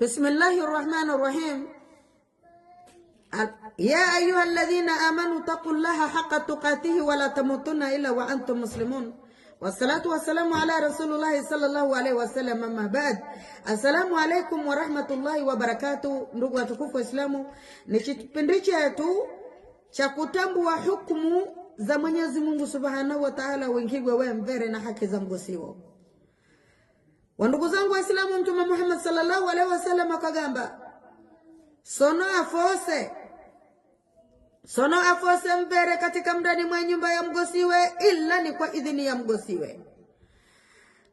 بسم الله الرحمن الرحيم يا أيها الذين آمنوا تقوا الله حق تقاته ولا تموتن إلا وأنتم مسلمون والصلاة والسلام على رسول الله صلى الله عليه وسلم أما بعد السلام عليكم ورحمة الله وبركاته ndugu watukufu إسلام ni kipindi chetu cha kutambua hukumu za Mwenyezi Mungu Subhanahu wa Ta'ala, wengigwe wemvere na haki za mgosiwo Wandugu zangu Waislamu, Mtume Muhammad sallallahu alaihi wasallam akagamba sono afose sono afose mbere katika mdani mwa nyumba ya mgosiwe ila ni kwa idhini ya mgosiwe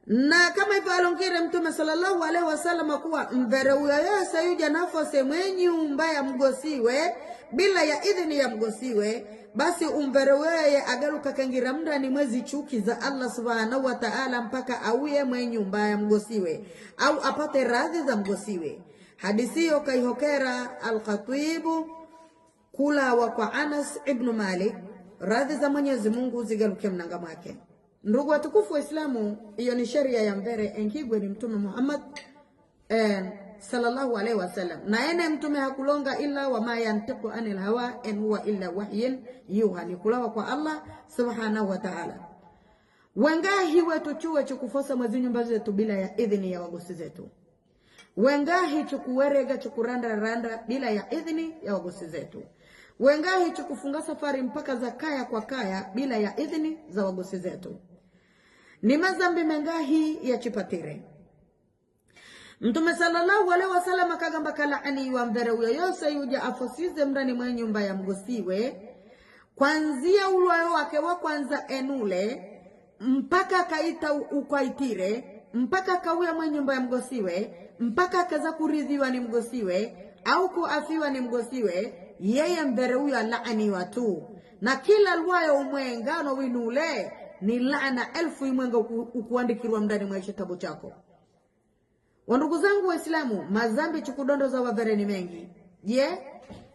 na kama hivyo alongere mtume sallallahu alaihi wasallam kuwa mvere huyo yuja nafose mwenyi umbaya mgosiwe bila ya idhini ya mgosiwe basi umvere weye agaruka kangira mndani mwezi chuki za Allah subhanahu wa ta'ala mpaka auye mwenyi umbaya mgosiwe au apate radhi za mgosiwe hadisi hiyo kaihokera alkhatibu kulawa kwa Anas ibn Malik radhi za Mwenyezi Mungu zigaruke mnanga mwake Ndugu watukufu Waislamu, hiyo ni sheria ya mbere engigwe ni Mtume Muhammad eh, sallallahu alaihi wasallam, na ene mtume hakulonga ila ma yantiqu anil hawa in huwa illa wahyin yuha, ni kulawa kwa Allah subhanahu wa ta'ala. Wengahi wetuchuwe chukufosa mwezi nyumba zetu bila ya idhini ya wagosi zetu, wengahi chukuwerega chukurandaranda bila ya idhini ya wagosi zetu wengahi chukufunga safari mpaka za kaya kwa kaya bila ya idhini za wagosi zetu ni mazambi mengahi yachipatire mtume sallallahu alaihi wasallam akagamba kalaaniwa mdharau yoyose yuja afosize mrani mwe nyumba ya mgosiwe kwanzia ulwayo wake wa kwanza enule mpaka akaita ukwaitire mpaka akauya mwe nyumba ya mgosiwe mpaka akaza kuridhiwa ni mgosiwe au kuafiwa ni mgosiwe yeye mdharauyo alaaniwa tu na kila lwayo umwengano winule ni laana elfu imwenga ukuandikirwa mdani mwa hicho kitabu chako. Wandugu zangu Waislamu, mazambi chukudondo za wavere ni mengi. Je,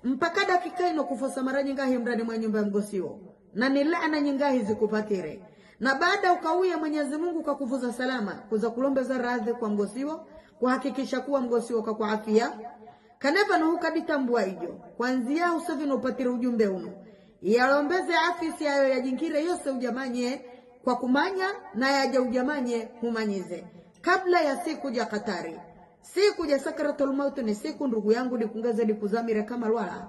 mpaka dakika ino kufosa mara nyingahi mdani mwa nyumba ya mgosio na ni laana nyingahi zikupatire na baada ukauya Mwenyezi Mungu kakuvuza salama kuza kulombeza radhi kwa mgosiwo kuhakikisha kuwa mgosiwo kakwa afia kaneva nuhukaditambua ijo kwanzia usovino upatire ujumbe uno yalombeze afisi yayo yajinkire yose ujamanye kwa kumanya na aja ujamanye humanyize kabla ya siku ya katari siku ya sakaratul maut ni siku ndugu yangu nikungaze nikuzamire kama lwala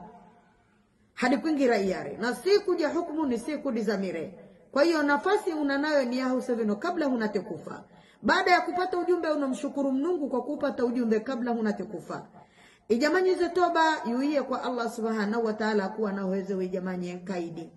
kuingira iyari na siku ya hukumu ni siku dizamire kwa hiyo nafasi unanayo ni yahu seveno kabla hunatekufa baada ya kupata ujumbe unamshukuru Mungu kwa kupata ujumbe kabla hunatekufa ijamanyize toba yuiye kwa allah subhanahu wa taala kuwa na uwezo wijamanye kaidi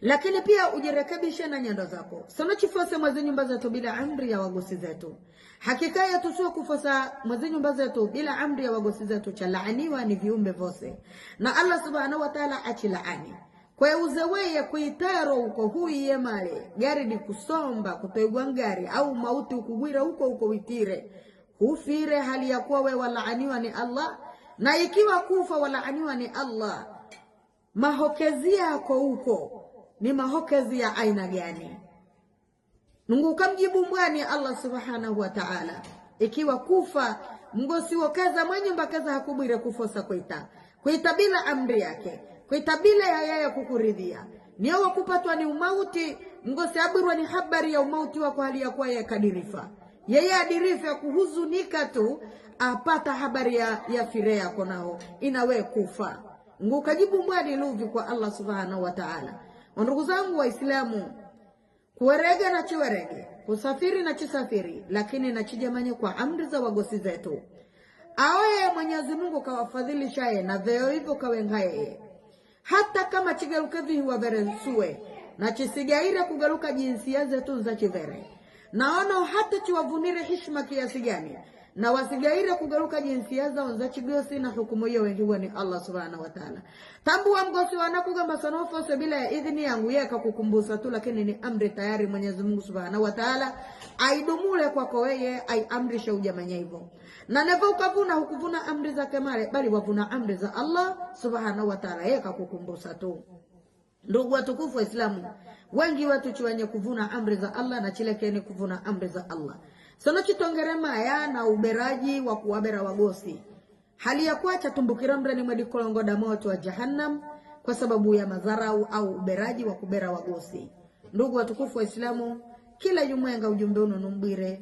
lakini pia ujirekebishe na nyendo zako. sana chifose mwezi nyumba zetu bila amri ya wagosi zetu, hakika yetu sio kufosa mwezi nyumba zetu bila amri ya wagosi zetu, cha laaniwa ni viumbe vose na Allah subhanahu wa ta'ala achi laani kwa achilaani kweuzeweye kuitaro uko huiye male gari ni kusomba kutoigwa ngari au mauti ukugwira huko huko witire hufire hali ya kuwa we walaaniwa ni Allah na ikiwa kufa walaaniwa ni Allah mahokezi yako huko ni mahokezi ya aina gani? Mungu kamjibu mbwani Allah subhanahu wa ta'ala, ikiwa kufa mgosiwo kaza mwenye mbakaza hakubwire kufosa kuita kuita bila amri yake kuita bila ya yaya kukuridhia niyowo kupatwa ni umauti mgosi abwirwa ni habari ya umauti wako hali ya kuwa yakadirifa yeye adirifa kuhuzunika tu apata habari ya, ya fire yako nao inawe kufa kajibu mbwani luvi kwa Allah subhanahu wa ta'ala Ndugu zangu Waislamu, kuwerege na chiwerege, kusafiri na chisafiri, lakini na chijamanye kwa amri za wagosi zetu. Aoye Mwenyezi Mungu kawafadhilishaye na veo hivyo kawengaye, hata kama chigerukevi waverensue na chisigaire kugeruka jinsia zetu za chivere naona hata chiwavunire hishma kiasi gani na wasigaire kugaruka jinsia zao chigosi na hukumu hiyo wengiwa ni Allah subhanahu wa ta'ala. Tambua mgosi wanakuga masanofose bila ya idhini yangu yeka kukumbusa tu, lakini ni amri tayari Mwenyezi Mungu subhanahu wa ta'ala aidumule kwako weye, aiamrishe ujamanya hivyo, na nevo ukavuna hukuvuna amri za kemale, bali wavuna amri za Allah subhanahu wa ta'ala, yeka kukumbusa tu. Ndugu watukufu Waislamu, wengi watu chiwenye kuvuna amri za Allah na chilekeni kuvuna amri za Allah sono chitongere maya na uberaji wa kuwabera wagosi hali ya kwacha tumbukira mrani da moto wa jahannam kwa sababu ya madharau au uberaji wa kubera wagosi. Ndugu watukufu islamu kila jumwenga ujumbe uno numbwire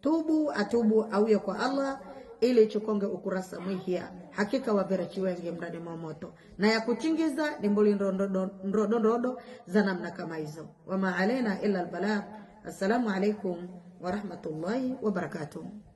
tubu atubu auye kwa Allah ili chukonge ukurasa mwihia hakika wavera chiwenge mradi mwamoto na ya kuchingiza ni mbuli ndondondondo za namna kama hizo. Wama alena ila albala. Assalamu alaikum warahmatullahi wabarakatuh